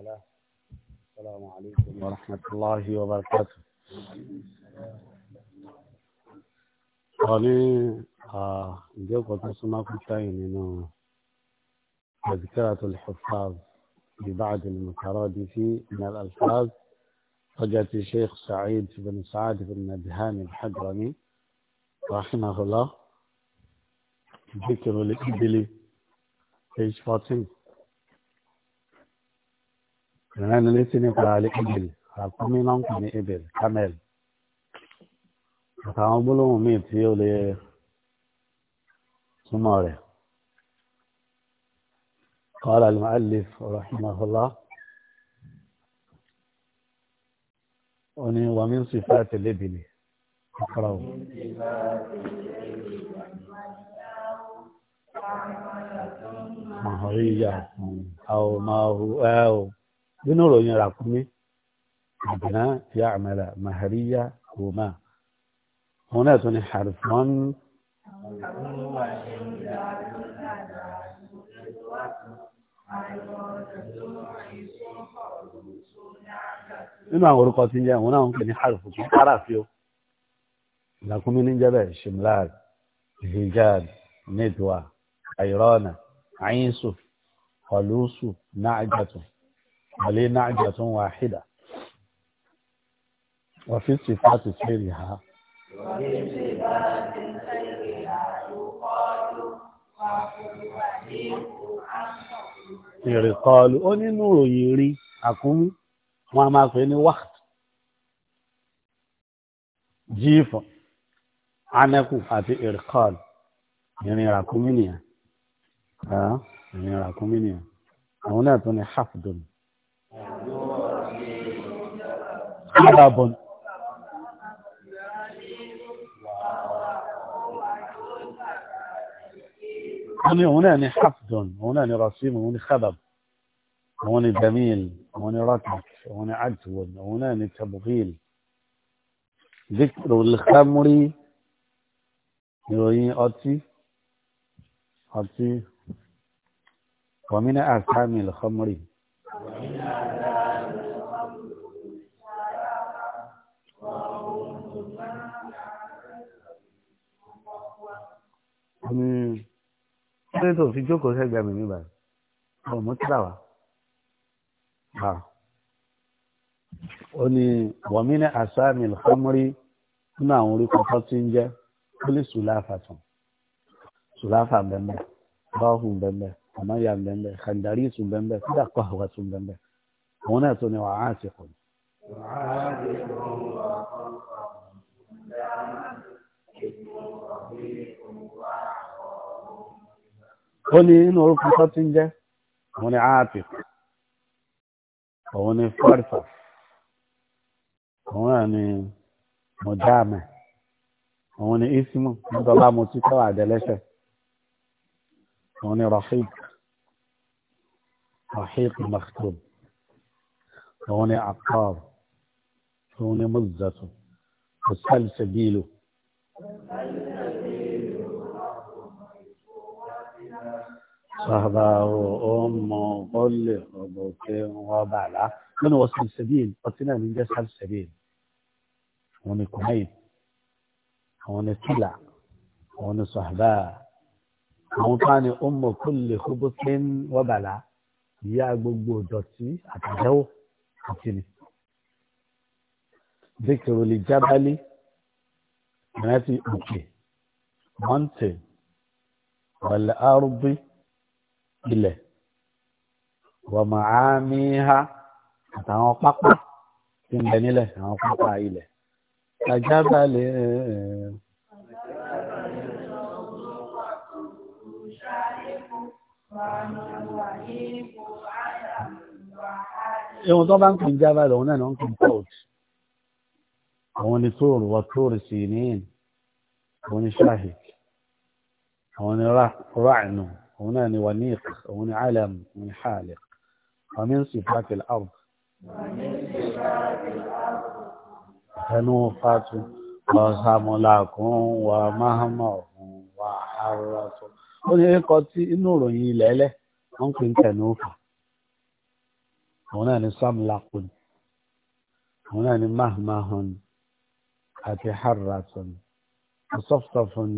وعلاه السلام عليكم ورحمة الله وبركاته ọ̀ní ìjókòó tó súnmọ́ kú sẹ́yìn nínú tẹ̀síkẹ́rà ببعض المترادف من الألفاظ وجدت الشيخ سعيد بن سعد بن ندهان الحضرمي رحمه الله ذكر الإبل page 14 ìran ilé sí nípa alẹ́ ibil àkúmí náà ń pè ní ibil camel àtàwọn gbólóhùn míì tí ó lè túmọ̀ rẹ̀ قال المؤلف رحمه الله ومن صفات الإبل اقرأوا من صفات الإبل مهرية أو ما هو أو nínú ìròyìn ràkúnmí àbìnà ya àmàlà mahariya roma òun náà tún ní harifon nínú àwọn orúkọ tí ń jẹ́ òun náà ń pè ní harifon fi ó ràkúnmí ní jẹ́bẹ̀ shimlal hijab nidwa airona ainsu kọlùsù náà jẹ́tùn عليه نعجة واحدة وفي صفات سيرها وفي صفات سيرها يقال ìrìkọlù ó nínú ròyìn rí àkúmú wọn a máa pè ní wákàtí jíìfọ anẹkù àti ìrìkọlù ìrìn ràkúmí nìyẹn ìrìn ràkúmí nìyẹn àwọn náà tún ní hafdùn خطب هوني هنا حفد هنا رسيم هوني خضب هوني جميل هوني ركب هوني عدو هوني تبغيل ذكر الخمر يروين أتي أتي ومن أسامي الخمرين ṣé tó fi jókòó sẹ́gbẹ̀ẹ́ mi níbàyí ọ̀rọ̀ mú tíra wa ó ní wọ̀mínà àsáàmì ìlúkọ́mọ́rí nínú àwọn orí kọ́kọ́ tí ń jẹ́ pólí sùláfà tún sùláfà bẹ́ẹ̀ bẹ́ẹ̀ báwọ̀ fún bẹ́ẹ̀ bẹ́ẹ̀ àmọ́yà bẹ́ẹ̀ kàndàrí sùn bẹ́ẹ̀ kódà kọ́hùwà sùn bẹ́ẹ̀ àwọn náà tó ní wàá ṣe kù. ó ní inú orúkọ tó ti ń jẹ́ òun ni aati òun ni fọ́rìfà òun náà ni mọ̀jáàmẹ̀ òun ni isimu nítorí àmọ́ tí kọ́wà àdẹ́lẹ́sẹ̀. هون رحيق رحيق مختوم هون عقار هون مزته وسل سبيله صهبة وأم وقل وبوك وبعلا من وصل السبيل قلتنا من جسح السبيل هوني كميت هوني طلع هوني صهباء àwọn fani ọmọ kulli khubutin wa bala ìyá gbogbo dọ̀tí àtàdáwò àti ni. zikiru li jabali ìrántí òkè mountain wal ardi ilẹ̀ wa ma'amiha àtàwọn pápá tí ń bẹ nílẹ̀ àwọn pápá ilẹ̀. kajabali eh, eh, Ihun tó bá ń pín Java lòun náà ló ń pín Code. Àwọn ni Tóòrù wọ Tóòrù sí ní ìní. Àwọn ni Shahid. Àwọn ni Ra'nu. Àwọn náà ni Waniq. Àwọn ni Alam. Àwọn ni Haliq. Àwọn ni Sifati al-Ard. Ẹnu Fatu. Wà Sàmúlàkún. Wà Mahamahun. Wà ó ní ẹ̀kọ́ tí inú ìròyìn ilẹ̀ ẹlẹ́ wọ́n ń pè ń tẹ̀nú fà àwọn náà ní samlakun àwọn náà ní mahmahun àti harratun sọfọfún.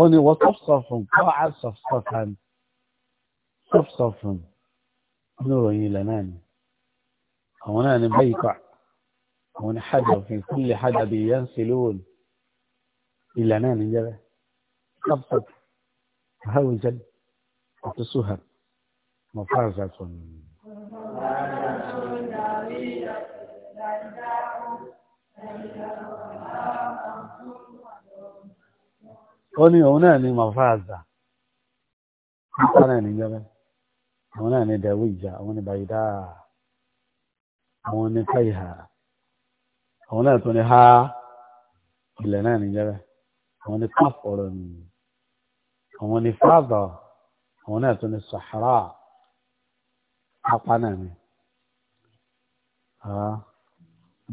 ó ní wọ́n sọfọfún kọ́ àsọfọfún sọfọfún inú ìròyìn ilẹ̀ náà ni. هنا بيقع هنا حاجة في كل حاجة بينسلون إلا نان جبا تبطط هوجل وتسهر مفازة أني هناني مفازة هناني جبا هناني داويجة هناني بيدار àwọn ní káyìhà àwọn náà tó ní ha ilẹ̀ náà níjẹ́ bẹ́ẹ̀ àwọn ní káf ọ̀rọ̀ ni àwọn ní fáàbà àwọn náà tó ní sàhárà apá náà ni.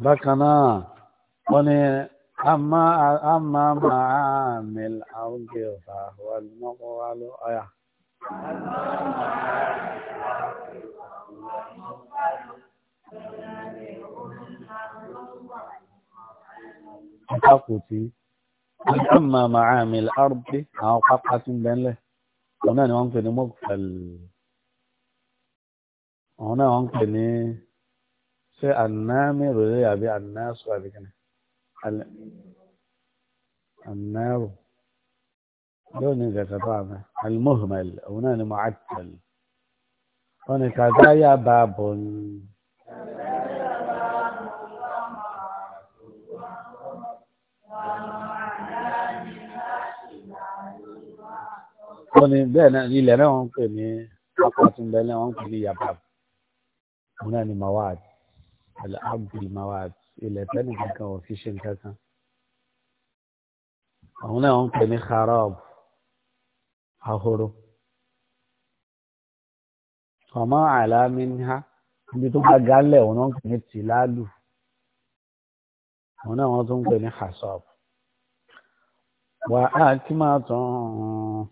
bákan náà wọ́n ní àmà àmà màá mil àwọn gbé ọ̀fà wà lọ́wọ́ wà lọ́wọ́ ọ̀yà. pápákòtì ọmọ màámi arúgbé àwọn pápá tí ń bẹ ńlẹ̀ ọ̀nà ni wọ́n ń pè ní mọ́kàlì ọ̀nà wọ́n ń pè ní ṣé ànámi rèé àbí ànásù àbí kìnnì ànárò yóò ní ìgbàgbọ́ tó àmì almuhmal ọ̀nà ni mu'attal wọ́n ni kàdáyà bá bọ̀ ní. wọ́n ní bẹ́ẹ̀ náà ilẹ̀ náà wọ́n ń pè ní akọ́túnbẹ́ náà wọ́n ń pè ní yabab òun náà ni mawad alhamdul mawad ilẹ̀ tẹ́lẹ̀ kankan ò fi ṣe kankan òun náà wọ́n ń pè ní kharab ahoro ọmọ àlámínà ibi tó bá gálẹ̀ òun náà pè ní tìlálù òun náà wọ́n tún pè ní hasab wà á kí máa tán.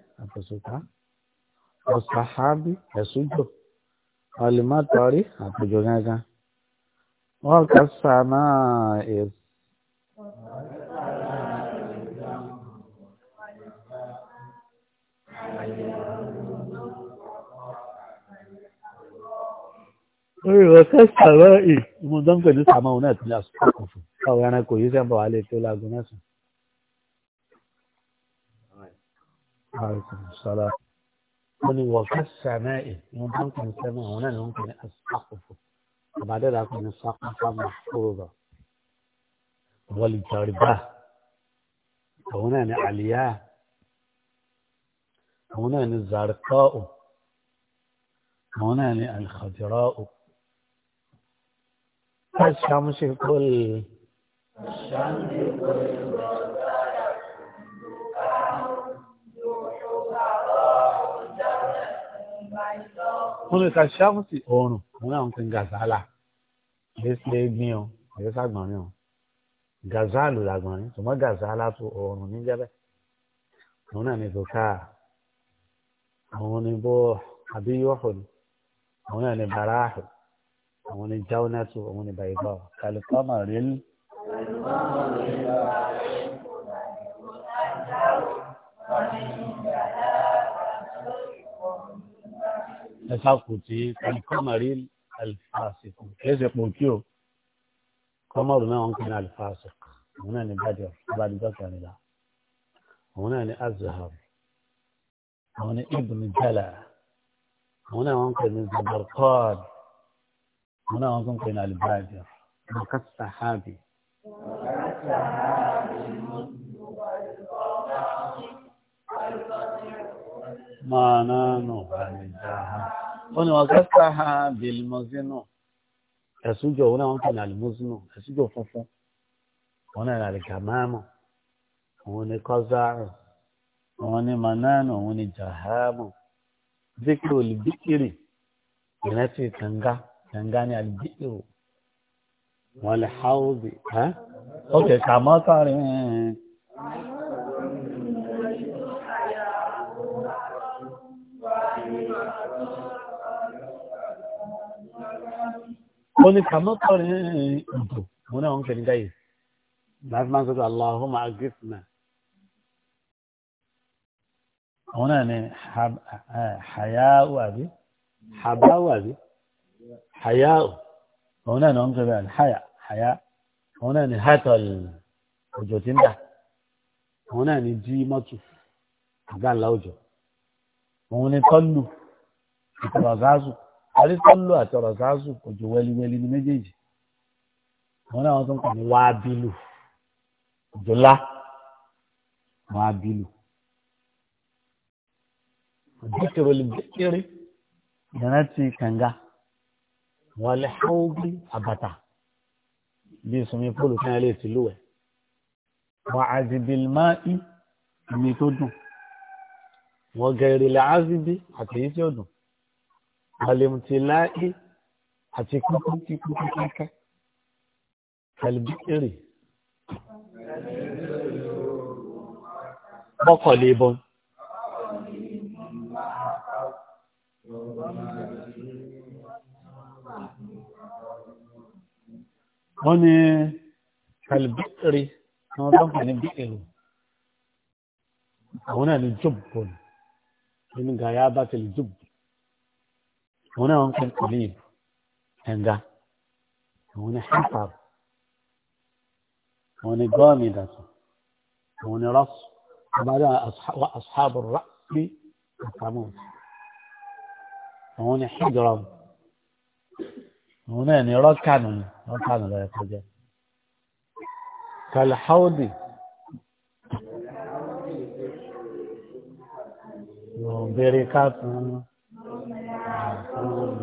àtòṣùpá ọ̀sàhábí ẹ̀sùjò ọ̀lẹ́mọ̀tọ́rí àtòjò gángan wọ́n kà sàmà èrò. lórí ọ̀sẹ̀ sàmà èrò ìmúdọ́ńpẹ̀ ní sàmà òun náà ti lè àsopọ̀ fún un káwọn ẹranko yìí sẹ́ńbà wà lè tó láago mẹ́sàn-án. عليكم السلام قولي وكالسماء ممكن السماء هنا ممكن السقف ذلك أكون السقف محفوظة والجربة هنا علياء هنا الزرقاء هنا الخضراء الشمس كل الشمس كل wọn lè ka ṣáfùsì oòrùn wọn làwọn ti ń gàzálà lẹ́sẹ̀ gbìn o lẹ́sẹ̀ àgbọ̀nrín o gàzálù làgbọ̀nrín ṣùgbọ́n gàzálà tó oòrùn níjẹ́bẹ̀ òun náà ní zòká àwọn ní bó àbí yọ̀hù àwọn náà ní baraahù àwọn ní jáwọ́nàtù àwọn ní bàyìbọ̀ kàlùkọ́mà rèl. kàlùkọ́mà rèl ẹ̀sàkùtì kọ́mọ̀rí alifásitì kéèsì pò kí o kọ́mọ̀rù náà ń pinnu alifásitì òun náà ní bàjẹ́ ìbádìjọ́ kẹrìnlá òun náà ní azahar òun ní ibùn jala òun náà wọ́n ń pinnu zabarkọ́d òun náà wọ́n ń pinnu alibàjẹ́ bàkàt sàhábì. ما نانو عن الجهل wọ́n ní ọ̀gẹ́sà ha bìlmọ́sínú ẹ̀sùjọ òun náà wọ́n tẹ̀lé àlùmọ́sínú ẹ̀sùjọ funfun òun náà àlìkà máàmù òun ní kọ́sáàrù òun ní manánù òun ní jahamu zikiri olùbíkiri ìrántí kànga kànga ní àlùbíkiri wọn lè háwùdì ọ̀kẹ́ kàmọ́tàrin. ó ní kàmọ́tọ̀ ní ìdò mo náà ń kẹ́ni káyè láti máa ń sọ́kọ̀ aláhùnmá agífìnà àwọn náà ní hayáwó àbí habáwó àbí hayáwó àwọn náà ní wọ́n ń kẹ́ni alhaya hayá àwọn náà ní hatol òjò tí ń dà àwọn náà ní jí mọ́tò àgbà ńlá òjò òun ní tọ́lù ìtọ́lọ̀ gáàzù àrísọ́lù àti ọ̀rọ̀ sáásù kò ju wẹ́líwẹ́lí ní méjèèjì wọn náà wọn tó ń pè ní wáábílù jọlá wáábílù dìkìrò lè dìkìrì ìrántí kànga wọlé háwùgbé àbàtà bí sọmi pólù kan lè ti lúwẹ̀ wà àzìbìlmá ì ìmì tó dùn wọ́n gẹ̀rẹ̀ lè àzìbí àtẹ̀yí tí ó dùn àlèmùtìláì àti kúkú tí kúkú kíkẹ́ kàlùbíkìrì mọ́kànlẹ̀ ìbọn wọ́n ni kàlùbíkìrì wọ́n tó ń pè ní bíkìrì àwọn náà ni jùbùn nínú gàyà bá tẹ̀lé jùbùn هنا ممكن قليل هندا هنا حفر هنا جامدة هنا رأس وبعدها أصحاب, وأصحاب الرأس يقامون هنا حجرة هنا يعني كانون كانون لا يخرج كالحوض بركات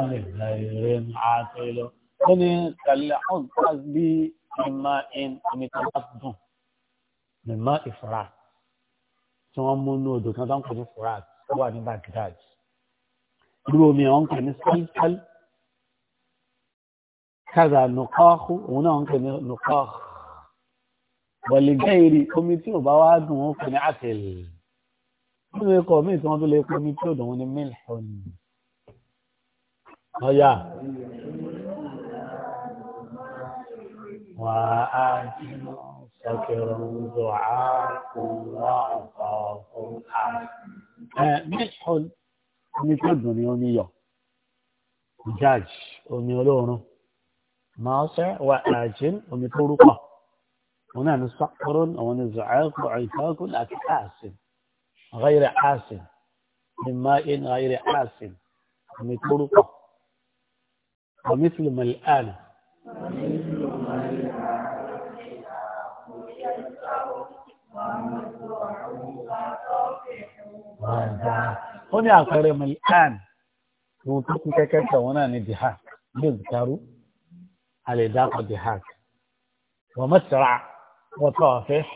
غير عاقل ó ní kàlẹ́hùn bí ìmá in omi tó bá dùn mímá ìfura tí wọ́n mú inú odò kan tó ń pè ní fura tó wà ní baghdad irú omi àwọn kan ní sálísálí kàdà nùkọ́ọ̀kù òun náà ń pè ní nùkọ́ọ̀kù wọ̀lì gẹ́ìrì omi tí ò bá wá dùn ó pè ní àtẹ̀lẹ̀ nínú ikọ̀ míì tí wọ́n tó lè pè ní tí ò dùn ó ní mílíọ̀nù. Oh ya. وأجل سكر دعاء الله مسح من يومية جاج ومولون ناصع وأجل ومطرقة هنا نسكر ونزعق وعفاق لكن آسن غير آسن من ماء غير آسن ومطرقة ومثل ما الآن هنا قرم الآن نوتك كتا ونا نجحك نذكر على داق جحك ومسرع وطافح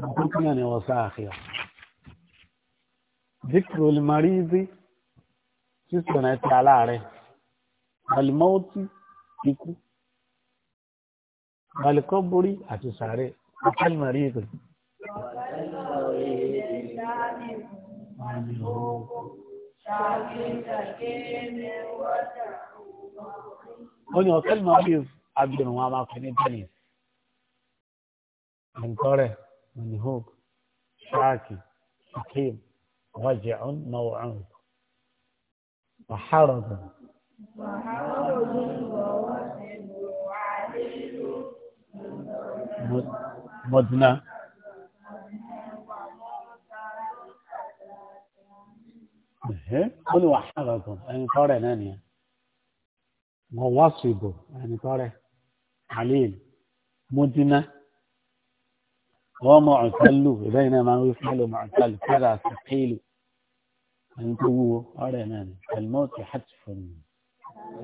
نوتك نانا وساخر ذكر المريض شسنا تعالى عليه alimọ́tì ikú alikọ́bórí àti sàárè akálìmọ̀rí ìpè. ó ní ọ̀kálìmọ̀rí abirùn wọn a máa pè ní bẹ́ẹ̀ni ẹ̀ńtọ́rẹ̀ manihok ṣáàkì ṣakim مدنا إيه؟ هل واحد لكم يعني أن ترى نانيا مواصب أن ترى يعني عليل مدنا ومعتل بين ما يفعل معتل كذا ثقيل يعني أن تقول الموت حتف ó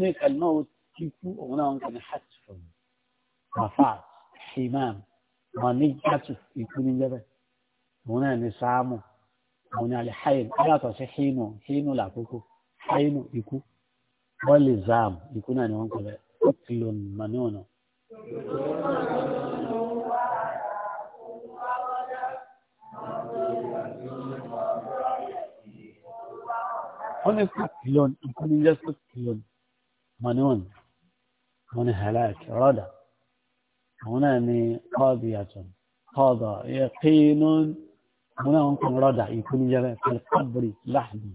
ní kàlmọ́ kíkú òun náà ń kàn ní hàtìfù mafat himam wọn ní jàtù ikú ní jẹ́bẹ̀ òun náà ní sáàmù òun ní alihayin aláàtọ̀ sí hínú hínú làkókò hínú ikú wọ́n lè záàmù ikú náà ni wọ́n kọ̀ bẹ́ẹ̀ ó ti lò mọ́nú ọ̀nà. كل كيلون كل جس كيلون منون من هلاک رد هنا يعني قاضية قاضى يقين هنا ممكن ردع يكون جل في القبر لحظة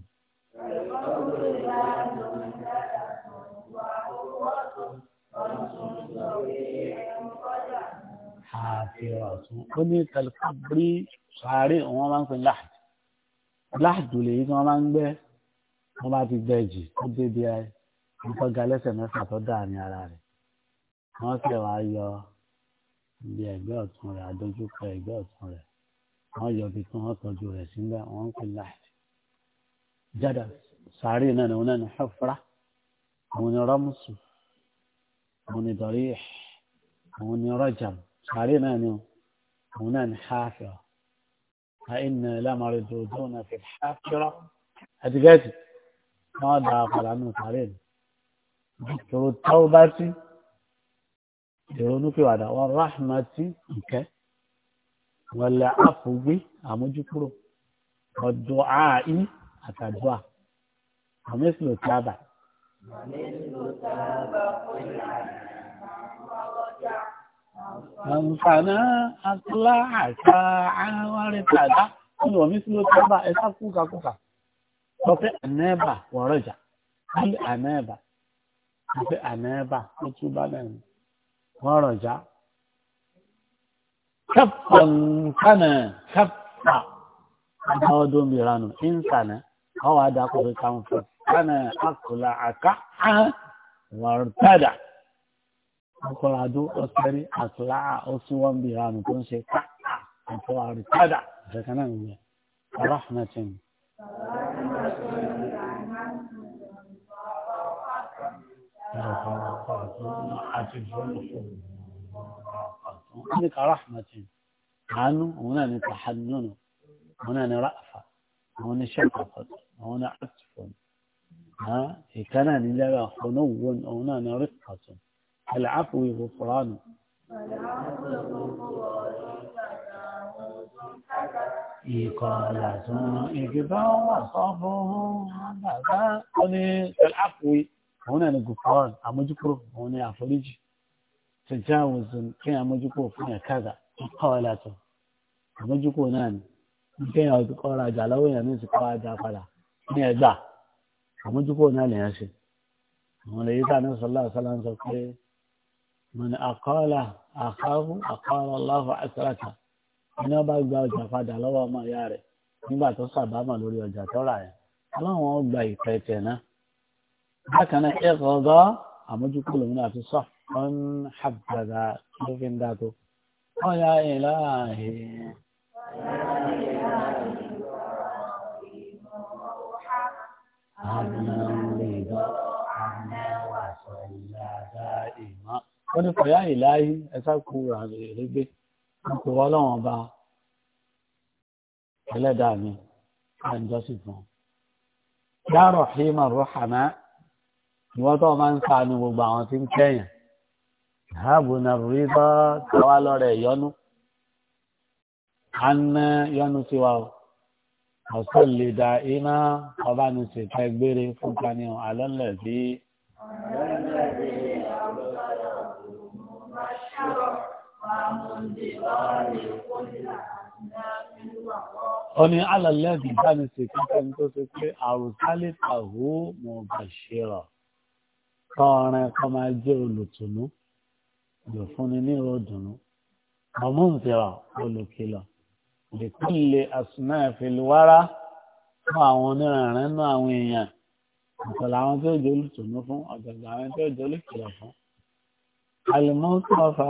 حافرات قلت القبر صاري وما ممكن لحظة لحظة ليه ما ممكن wọ́n bá ti gbẹ jì ó débi ẹ nǹkan ga lẹ́sẹ̀ mẹ́fà tó dà ní ara rẹ̀ wọ́n sì wá yọ ibi ẹ̀gbẹ́ ọ̀tún rẹ̀ adójúkọ ẹ̀gbẹ́ ọ̀tún rẹ̀ wọ́n yọ ibi tí wọ́n tọ́jú rẹ̀ síbẹ̀ wọ́n ń pè láì jáde sàárè náà ni wọ́n náà ní ṣọ́fúrá òun ni rọ́mùsù òun ni dọ̀rí òun ni rọ́jàm sàárè náà ni òun náà ní ṣáfíà ẹ̀yìn náà lámàrin dòdò náà fi ṣáfíà àti gẹ́gẹ́ wọ́n da padà nù sàárẹ̀ ni ìṣòro táwọn bá sí ìrònúpìwàdà wọn ráhùnmátì ìkẹ́ wọn lẹ àfọgbé àmójúkúrò ọdún ààyè àtàdúà àmẹsìlò tábà. Àǹfààní àtúlá àṣà àwọn arìnrìn àdá. lọ mí sílò tábà ẹ sá kúkàkúkà. ọfẹ àmẹbà wọrọjà ọfẹ àmẹbà ọfẹ àmẹbà ó tún bá náà ní wọrọjà kẹfà nkánà kẹfà ọdún ọdún mìíràn nù nkánà ọwọ adakọ aka kàn هناك رحمة عنه هنا تحنن هنا رأفة هنا شفقة هنا عطف ها كان لها خنو هنا رقة العفو غفران العفو غفران ìkọlà tún ìgbébá wà sọ fún bàbá ó ní àpòyí òun náà ní gùfọ́ọ̀n àmójúkúrò òun ní àforíjì tajawuzun kí àmójúkúrò fún ẹ̀kádà ìkọlà tún àmójúkúrò náà ní kéèyàn ọdún kọ́ rajà lọ́wọ́ èèyàn ní ìsìnkú ajá padà ní ẹgbà àmójúkúrò náà lèèyàn ṣe àwọn lèyí tá ní sọlá sọlá ń sọ pé mọ̀nà àkọọ́là àkọ́ọ́lá àkọ́ọ́lá láfọ̀ àkọ́ọ́lá iná bá gba ọjà padà lọ́wọ́ ọmọ ìyá rẹ̀ nígbà tó ṣàbámọ̀ lórí ọjà tó rà yẹn aláwọn gba ìpẹ́ tẹ̀ náà bákan náà ẹ kọ̀ọ̀gọ́ àmójúkú lòun náà ti sọ ọ́n hàbàdà ló fi ń dá tó ọ̀yà ìlàhì. Wọ́n ní kọ̀yà ìlàhì ẹ sá kú rà lè rí gbé ipò ọlọ́run ọba ẹlẹ́dàá mi àǹjọ́sìn fún un. Ya Rahim Ar-Rahama ni wọ́n tó máa ń sànù gbogbo àwọn tí ń kẹ́yìn. Habuna rida káwá lọ́rẹ̀ yọnu. Anna yọnu ti wa o. Ọ̀sán lè da iná ọba ní ṣètẹ́ gbére fún kaniọ̀ alọ́lẹ̀ bí. Alọ́lẹ̀ bí àbúrò máa ṣàrọ̀. Ọni alàlẹ́bì dáni sí kíkẹ́ ní tó ṣe pé àrùsálẹ̀ tàhó mọ̀ bà ṣe rọ̀. Kọ́ọ̀rin kọ́ máa jẹ́ olùtùnú, ìfúnni ní ìrọ̀dùnú. Mọ̀mọ́ǹtìrà olùkìlọ̀. Ìkúlẹ̀ àsùnà ìfìlúwárá fún àwọn onírànràn náà àwọn èèyàn. Ọ̀tọ̀lá àwọn tí ó jẹ́ olùtùnú fún, ọ̀tọ̀lá àwọn tí jẹ́ olùkìlọ̀ fún. Àlùmọ́ńtì ọ̀fà.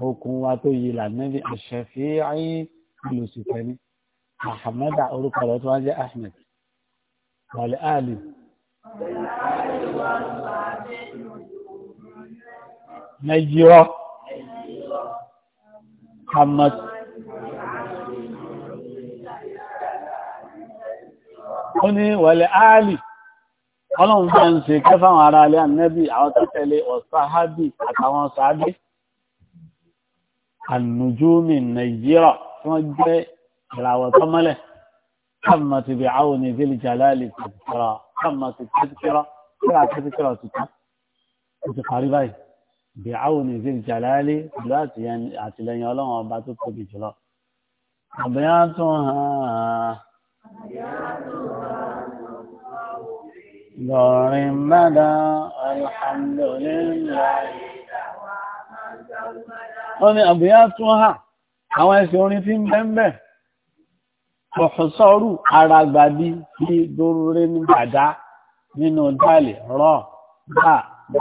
okùn wa tó yí lànàbí àṣẹfí ayé olùsìkẹni ahmed orúkọ rẹ̀ tó wá jẹ́ ahmed wàlẹ ali. nàìjíríà hamad ó ní wàlẹ ali ọlọ́run bá ń ṣe kẹfà àwọn ará alẹ́ ànẹ́bí àwọn tó ọ̀sáhábì àtàwọn sáábì ànùjúmi nàìjíríà tí wọ́n jẹ́ ìràwọ̀ tọ́mọ́lẹ̀ káàmà ti bẹ̀ àwọn oníbílì jàlálì tẹ̀síkìrà káàmà ti tẹ̀síkìrà kíra tẹ̀síkìrà tuntun ó ti parí báyìí bẹ̀ àwọn oníbílì jàlálì pẹ̀lú àtìlẹyìn ọlọ́run ọba tó tóbi jùlọ. àbẹ̀yà tún hàn lọ́rin mẹ́ta alhamdulilayi wọ́n ni àbúyá tún hà àwọn ẹsẹ̀ orin tí ń bẹ́ńbẹ́ pọ̀fẹ́sọ́rù aragbadi ti dóróré ní bàdá nínú dáàlì rọ bá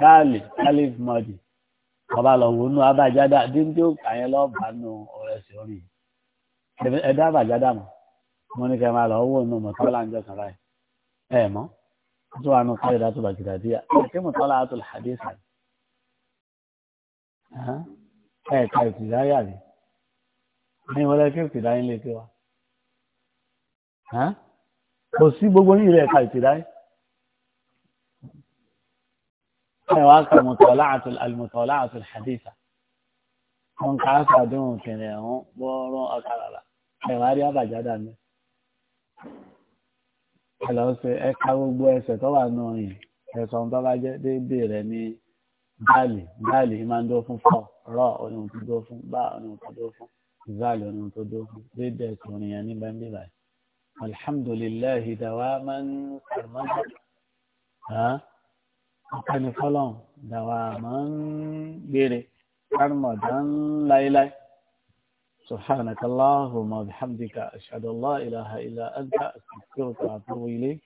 dáàlì alif mọ́dì ọba lọ́wọ́ nú abájádá díndín òkà yẹn lọ́ọ̀bà nù ọ̀rẹ́ sí orin ẹ̀dá abájádá mọ́ mo ní kẹ́ máa lọ́wọ́ nú mọ̀tọ́lá ń jọ kàrá ẹ̀ mọ́ tó wà nù kọ́ tó bàgìdà díà kí mọ̀tọ́lá àtúlù hadith ẹ̀ka ìtìdáyà rí ní wọlé kí ìtìdáyà lè kí wa kò sí gbogbo ní ilé ẹ̀ka ìtìdáyà ẹ̀ wá ka mọ̀tọ́lá àti hadisa wọn kà á sàdéhùn kìnìún ẹ̀hún bọ́ọ̀rọ̀ ọ̀kàràrà ẹ̀ wá rí àbàjáde mi ẹ lọ ṣe ẹ̀ka gbogbo ẹsẹ̀ tó wà nù yìí ẹ̀sọ̀ ń tọ́ bá jẹ́ déédéé rẹ̀ ní báàlì báàlì máa ń dó fún fọ́ọ̀ rọ ọ̀nà tó dó fún bá ọ̀nà tó dó fún zaali ọ̀nà tó dó fún dédé ẹ̀kọ́rin yẹn ní bẹ́ẹ̀ bíbá yìí alhamdulilayi dawaman sarmada ọ̀kànnì fọlọ́n dawaman gbére sarmadan láíláí. سبحانك اللهم وبحمدك أشهد الله إله إلا أنت أستغفرك وأتوب إليك